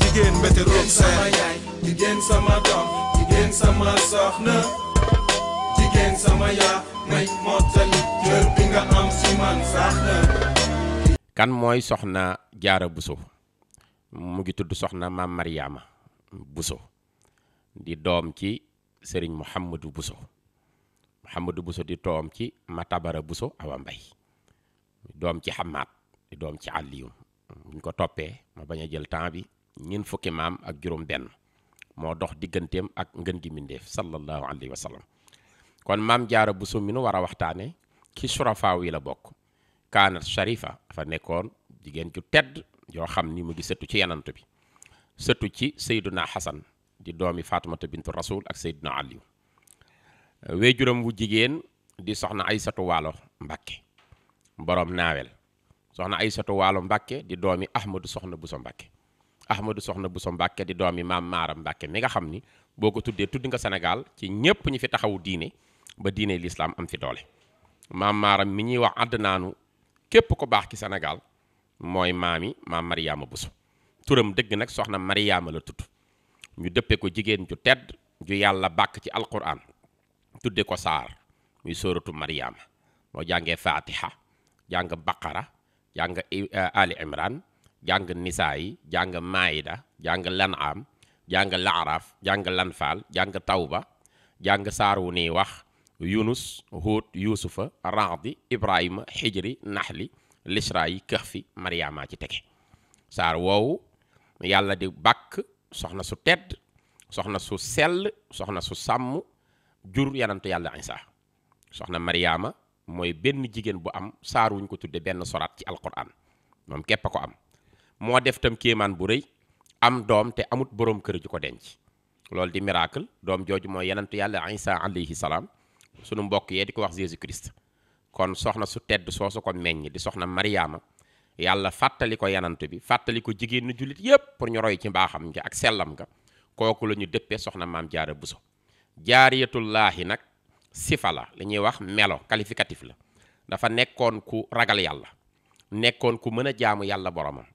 jigéen météroog sama yaay jigéen mottali cër bi nga am si man na kan mooy soxna jaara buso mu ngi tudd soxna maam mariama buso di doom ci sëriñ muhammadu buso Mouhamadou Bousso di toom ci Matabara Bousso Awa Mbay doom ci Xamaat di doom ci Aliyu buñ ko toppee ma bañ a jël temps bi ñeent fukki maam ak juróom benn moo dox digganteem ak ngën gi mbindéef sallallahu alayhi wa sallam kon maam jaara Bousso mi nu war a waxtaane ci surafaaw yi la bokk kaanat sharifa dafa nekkoon jigéen ju tedd yoo xam ni mu ngi sëttu ci yanant bi sëttu ci sayduna xasan di doomi fatumata bintu rasul ak sayduna aliyu juram wu jigéen di soxna Aysatu Waalo Mbàkke boroom naawel soxna Aysatu Waalo Mbàkke di doomi Ahmadu soxna Buso Mbàkke Ahmadu soxna Buso Mbàkke di doomi maam Maara Mbàkke mi nga xam ni boo ko tuddee tudd nga Sénégal ci ñépp ñu fi taxawu diine ba diine lislaam am fi doole maam maaram mi ñuy wax àddinaanu képp ko baax ci Sénégal mooy maami maam Mariyaama Buso turam dëgg nag soxna Mariyaama la tudd ñu dëppee ko jigéen ju tedd ju yàlla bàkk ci alquran tudde ko saar muy sóoratu Mariama moo jàngee Fatiha jàng Baqara jàng eh, Ali Imran jàng Nisaayi jàng Maayida jàng Lanaam jàng Laaraaf jàng Lanfaal jàng Tawba jàng saar wu nii wax Yunus Huud Yuusufa Raadi Ibrahima Xijri Naxli Lisraayi Kahfi Mariama ci tege saar woowu yàlla di bàkk soxna su tedd soxna su sell soxna su sàmm jur yanantu yàlla Isa soxna Mariama mooy benn jigéen bu am saar wuñ ko tuddee benn soraat ci alquran moom képp a ko am moo def tam kéemaan bu rëy am doom te amut boroom kër ju ko denc loolu di miracle doom jooju mooy yenentu yàlla Isa alayhi salaam sunu mbokk yee di ko wax Jésus Christ kon soxna su tedd soo soosu ko meññ di soxna Mariama yàlla fàttali ko yenantu bi fàttali ko jigéen nu jullit yépp pour ñu roy ci mbaaxam nga ak sellam nga kooku la ñu dëppee soxna maam jaara buso jaariyatullaahi nag sifa la li ñuy wax melo qualificatif la dafa nekkoon ku ragal yàlla nekkoon ku mën a jaamu yàlla boromam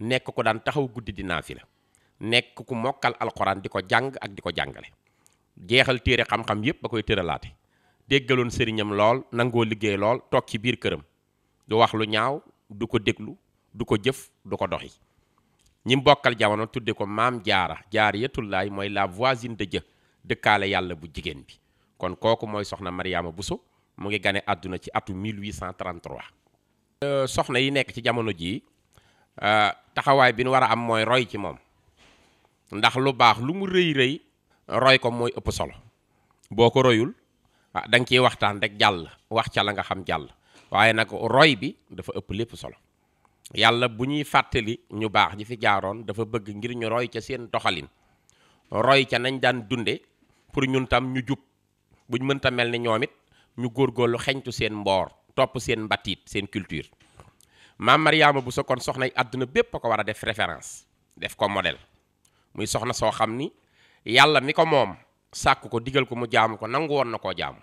nekk ku daan taxaw guddi di naafila nekk ku mokkal alxuraan di ko jàng ak di ko jàngale jeexal téere xam-xam yépp ba koy tëralaate déggaloon sëriñam lool nangoo liggéey lool toog ci biir këram du wax lu ñaaw du ko déglu du ko jëf du ko doxi ñi mbokkal jamono tudde ko maam jaara jaariyatullaahi mooy la voisine de Dieu dëkkaale yàlla bu jigéen bi kon kooku mooy soxna Mariama Bousso mu ngi gane àdduna ci atu 1833. Euh, soxna yi nekk ci jamono jii euh, taxawaay bi nu war a am mooy roy ci moom ndax lu baax lu mu rëy rëy roy ko mooy ëpp solo boo ko royul ah da nga waxtaan rek jàll wax ca la nga xam jàll waaye nag roy bi dafa ëpp lépp solo yàlla bu ñuy fàttali ñu baax ñi fi jaaroon dafa bëgg ngir ñu roy ca seen doxalin roy ca nañ daan dunde pour ñun tam ñu jub buñ mënta mel ni ñoom it ñu góor góorgóorlu xeñtu seen mboor topp seen mbatiit seen culture maam Mariama bu sa kon soxna yi àdduna bépp a ko war a def référence def ko modèle muy soxna soo xam ni yàlla mi ko moom sàkk ko digal ko mu jaamu ko nangu woon na koo jaamu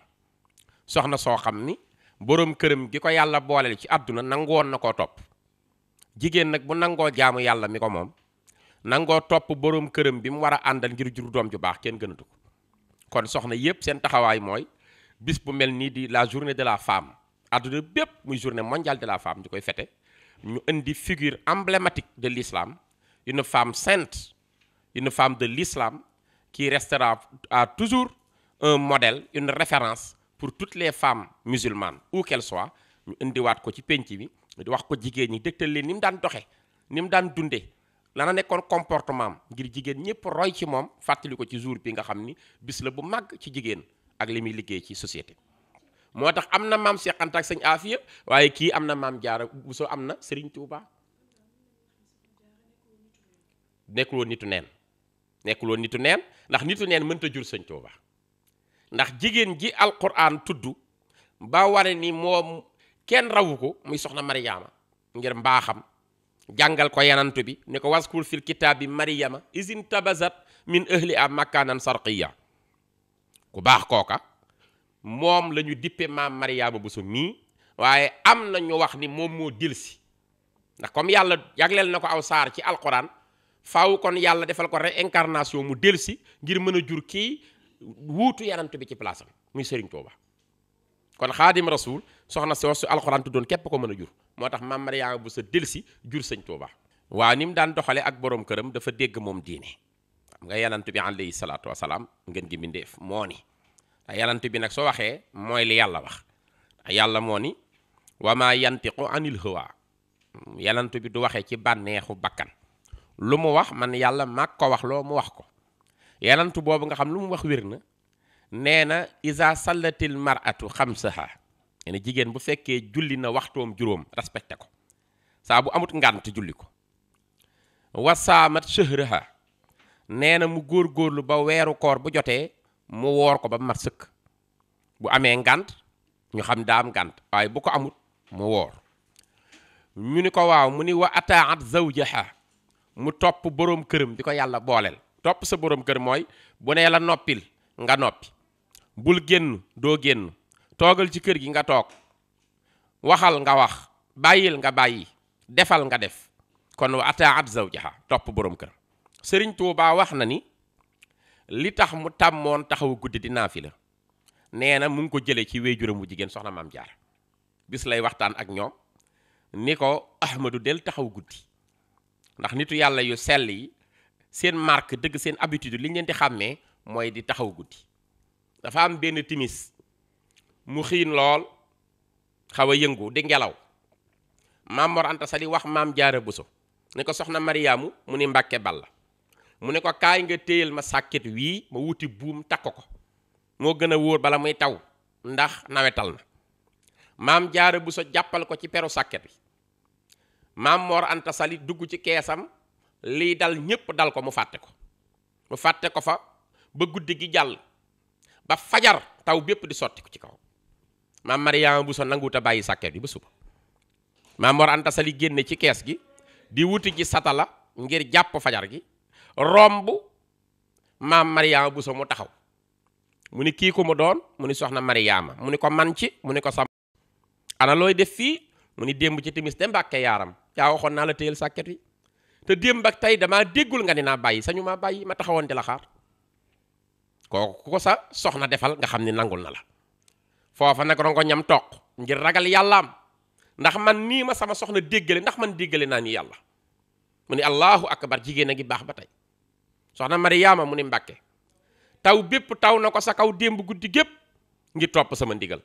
soxna soo xam ni boroom këram gi ko yàlla booleel ci àdduna nangu woon na koo topp jigéen nag bu nangoo jaamu yàlla mi ko moom nangoo topp boroom këram bi mu war a àndal ngir jur doom ju baax kenn gënatu kon soxna yëpp seen taxawaay mooy bis bu mel nii di la journée de la femme àdduna bépp muy journée mondiale de la femme ñu koy fete ñu indi figure emblématique de l'islam une femme sainte une femme de l'islam qui restera à toujours un modèle une référence pour toutes les femmes musulmanes où qu'elles soient ñu indiwaat ko ci penc bi di wax ko jigéen ñi dégtal leen ni mu daan doxe ni mu daan dundee lana nekkoon comportement ngir jigéen ñëpp roy ci moom fàttali ko ci jour bi nga xam ni bis la bu mag ci jigéen ak li muy liggéey ci société moo tax am na maam Cheikh Anta ak sëñ Afia waaye kii am na maam Jaara Buso am na Serigne Touba nekkul woon nitu neen nekkul woon nitu neen ndax nitu neen mënta jur sëñ Touba ndax jigéen ji alquran tudd ba war ni moom kenn rawu ko muy soxna Mariyaama ngir mbaaxam jàngal ko yanantu bi ne ko waskur fil kitaabi mariyama isin tabasat min ahli a makkaanan sarqiya ku baax kooka moom la ñu dippe maam mariyaama bu su mii waaye am na ñu wax ni moom moo dilsi ndax comme yàlla jagleel na ko aw saar ci alxuraan faw kon yàlla defal ko incarnation mu delsi ngir mën a jur kii wuutu yanant bi ci place am muy Serigne Touba kon xaadim rasul soxna si su alxuraan tuddoon képp ko mën a jur moo tax maam Mariama bu sa delsi jur sëñ Tuuba waaw ni mu daan doxale ak boroom këram dafa dégg moom diine xam nga yanant bi alayhi salaatu wasalaam ngeen gi mbindéef moo ni bi nag soo waxee mooy li yàlla wax yàlla moo ni wa maa yantiqu anil hawa yanant bi du waxee ci bànneexu bàkkan lu mu wax man yàlla mag ko wax loo mu wax ko yanantu boobu nga xam lu mu wax wér na nee na isa sallatil maratu xamsaha nee jigéen bu fekkee julli na waxtoom juróom respecté ko saa bu amut ngant julli ko wasaamat shëhraha nee na mu góor góorlu ba weeru koor bu jotee mu woor ko ba mat sëkk bu amee ngànt ñu xam daa am waaye bu ko amut mu woor ñu ni ko waaw mu ni wa ataat zawjaha mu topp boroom këram bi ko yàlla booleel topp sa boroom kër mooy bu nee la noppil nga noppi bul génn doo génn toogal ci kër gi nga toog waxal nga wax bàyyil nga bàyyi defal nga def kon wa ataat zawjaha topp boroom kër sëriñ Tuubaa wax na ni li tax mu tàmmoon taxaw guddi di naafi la nee na mu ngi ko jëlee ci wéyjuram wu jigéen soxna maam jaar bis lay waxtaan ak ñoom ni ko ahmadu del taxaw guddi ndax nitu yàlla yu sell yi seen marque dëgg seen habitude li ñu di xàmmee mooy di taxaw guddi dafa am benn timis mu xiin lool xaw a yëngu di ngelaw maam Mor Anta wax maam Jaara Buso ne ko soxna Mariyaamu mu ni Mbàkke Balla mu ne ko kaay nga téyel ma sàkket wii ma wuti buum takk ko moo gën a wóor bala muy taw ndax nawetal na maam Jaara Buso jàppal ko ci peru sàkket bi maam Mor Anta Sali dugg ci keesam lii dal ñépp dal ko mu fàtte ko mu fàtte ko fa ba guddi gi jàll ba fajar taw bépp di sotti ko ci kaw maam Mariama Bousso nanguwut a bàyyi sàkket bi ba suba maam Mor Anta Sali génne ci kees gi di wuti ji satala ngir jàpp fajar gi romb maam bu Bousso mu taxaw mu ni kii ku mu doon mu ni soxna Mariama mu ni ko man ci mu ni ko sam ana looy def fii mu ni démb ci timis te mbàkke yaaram yaa waxoon naa la téyel sàkket yi te démb ak tey damaa déggul nga ni naa bàyyi sañu maa bàyyi ma taxawoon di la xaar kooku ku ko sa soxna defal nga xam ni nangul na la foofa nag ñam toq ngir ragal yàllaam ndax man nii ma sama soxna déggale ndax man déggale naa ni yàlla mu ni allahu bar jigéen a ngi baax ba tey soxna mariyaama mu ni mbakke taw bépp taw na ko sa kaw démb guddi gépp ngir topp sama ndigal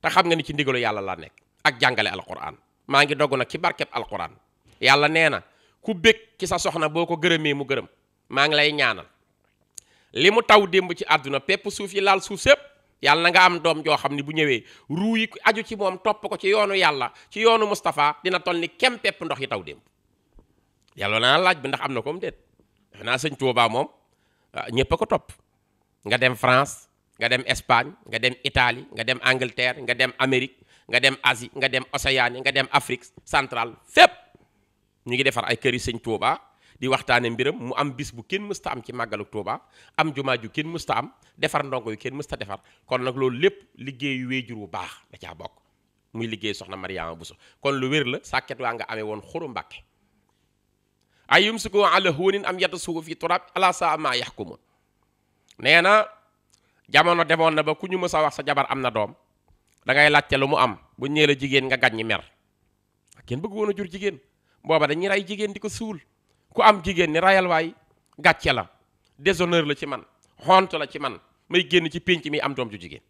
te xam nga ni ci ndigalu yàlla laa nekk ak jàngale alquran maa ngi dogg nag ci barkeb alquran yàlla nee na ku bég ci sa soxna boo ko gërëmee mu gërëm maa ngi lay ñaanal li mu taw démb ci àdduna pépp suuf yi laal suuf sépp yàlla na nga am doom joo xam ni bu ñëwee ruu yi aju ci moom topp ko ci yoonu yàlla ci yoonu Moustapha dina toll ni kem pepp ndox yi taw démb yàlla naa laaj bi ndax am na ko mu déet defe naa sëñ Tuubaa moom ah, ñëpp a ko topp nga dem France nga dem Espagne nga dem Italie nga dem Angleterre nga dem Amérique nga dem Asie nga dem Océanie nga dem Afrique centrale fépp ñu ngi defar ay kër yi sëñ Tuubaa di waxtaane mbiram mu am bis bu kenn mësta am ci màggalu Touba am jumaa ju kenn mësta am defar ndongo yu kenn mësta defar kon nag loolu lépp liggéeyu jur bu baax da caa bokk muy liggéey soxna bu Bousso kon lu wér la sàkket waa nga ame woon xuru Mbàkke ay yumsiku ko hunin am yatasuhu fi turab ala saa ma yaxkumun nee na jamono demoon na ba ku ñu mës a wax sa jabar am na doom da ngay laajte lu mu am bu ñëwee la jigéen nga gàññi mer kenn bëgg woon a jur jigéen booba dañuy rey jigéen di ko suul ku am jigéen ni rayal waay gàcce la déshonneur la ci man honte la ci man may génn ci pénc mi am doom ju jigéen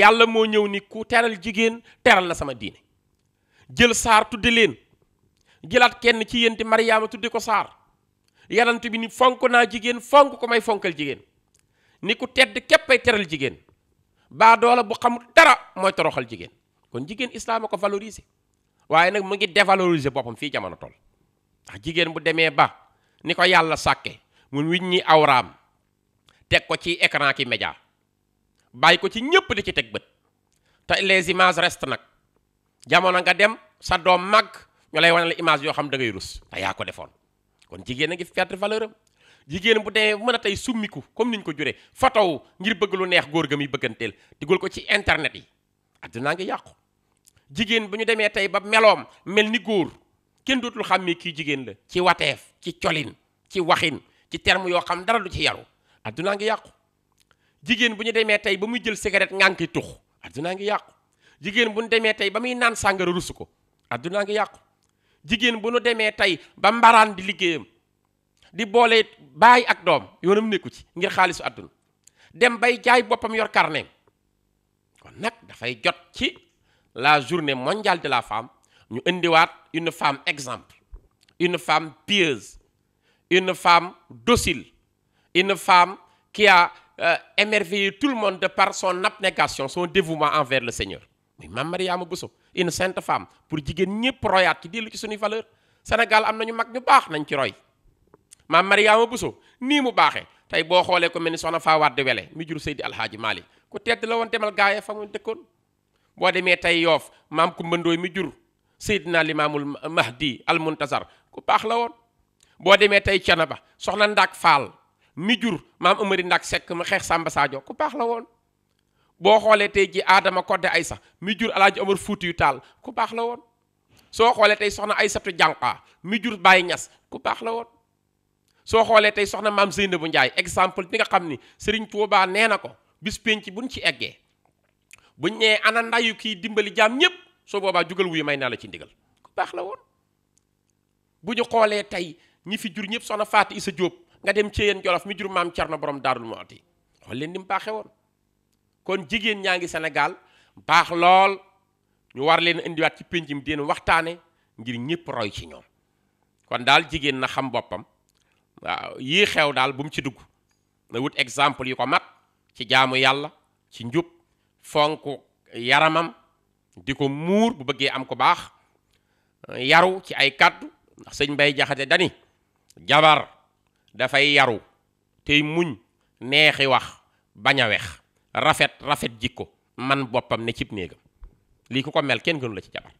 yàlla moo ñëw ni ku teral jigéen teral la sama diine jël saar tudde leen jëlaat kenn ci yéen di mariyaama tudde ko saar yanant bi ni fonk naa jigéen fonk ko may fonkal jigéen ni ku tedd képp ay teral jigéen baa doola bu xamul dara mooy toroxal jigéen kon jigéen islaam a ko valoriser waaye nag mu ngi dévaloriser boppam fii jamono toll ndax jigéen bu demee ba ni ko yàlla sàkke mu wiñ ñi awraam teg ko ci écran ki média bàyyi ko ci ñépp di ci teg bët te les images restent nag jamono nga dem sa doom mag ñu lay wane la image yoo xam da ngay rus te yaa ko defoon kon jigéen a ngi perte valeur jigéen bu demee mën a tey summiku comme niñ ko juree fotow ngir bëgg lu neex góor ga muy bëgganteel digul ko ci internet yi addinaa ngi yàqu jigéen bu ñu demee tey ba meloom mel ni góor kenn dootul xàmmee kii jigéen la ci wateef ci colin ci waxin ci terme yoo xam dara du ci yaru addunaa ngi yàqu jigéen bu ñu demee tey ba muy jël cigarette ngaa ngi addunaa ngi yàqu jigéen bu ñu demee tey ba muy naan sàngara rusu ko addunaa ngi yàqu jigéen bu ñu demee tey ba mbaraan di liggéeyam di boole baay ak doom yoonam nekku ci ngir xaalisu adduna dem bay jaay boppam yor carnet kon nag dafay jot ci la journée mondiale de la femme ñu indiwaat une femme exemple une femme pieuse une femme docile une femme qui a euh, émerveillé tout le monde de par son abnégation son dévouement envers le Seigneur muy Mame Mariama Bousso une sainte femme pour jigéen ñëpp royaat ci dellu ci suñuy valeur Sénégal am na ñu mag ñu baax nañ ci roy Mame Mariama Bousso nii mu baaxee tey boo xoolee ko mel ni soxna Faawaat di wele mi jur Seydi Alhaaji Malick ku tedd la woon demal gaaya fa mu dëkkoon boo demee tey yoof maam Kumba mi jur Seydina Limaamul Mahdi al Muntasar ku baax la woon boo demee tey Canaba soxna Ndak Faal mi jur maam Amari Ndak Seck ma xeex sàmba Sadio ku baax la woon boo xoolee tey ji Adama Kodde sax mi jur Alaaji Omar Fuutiyu Taal ku baax la woon soo xoolee tey soxna Aysatu Jànqa mi jur Baay Ñas ku baax la woon soo xoolee tey soxna maam bu Njaay exemple bi nga xam ni Sëriñ Tuubaa nee na ko bis penc buñ ci eggee buñ nee ana ndayu kii dimbali jaam ñépp soo boobaa jugal wuyu may naa la ci ndigal ku baax la woon bu ñu xoolee tey ñi fi jur ñëpp soxna Faati sa Jóob nga dem ci yéen Jolof mi jur maam Cerno borom Daarul Muhti xool leen di mu baaxee woon kon jigéen ñaa ngi senegal baax lool ñu war leen indiwaat ci pénc mi di waxtaane ngir ñëpp roy ci ñoom kon daal jigéen na xam boppam waaw yii xew daal bu mu ci dugg na wut exemple yi ko mag ci jaamu yàlla ci njub fonk yaramam di ko muur bu bëggee am ko baax eh, yaru ci ay kàddu ndax sëñ bay Jaxate dani jabar dafay yaru tey muñ neexi wax bañ a wex rafet rafet jikko man boppam ne cib néegam lii ku ko mel kenn gënu la ci jabar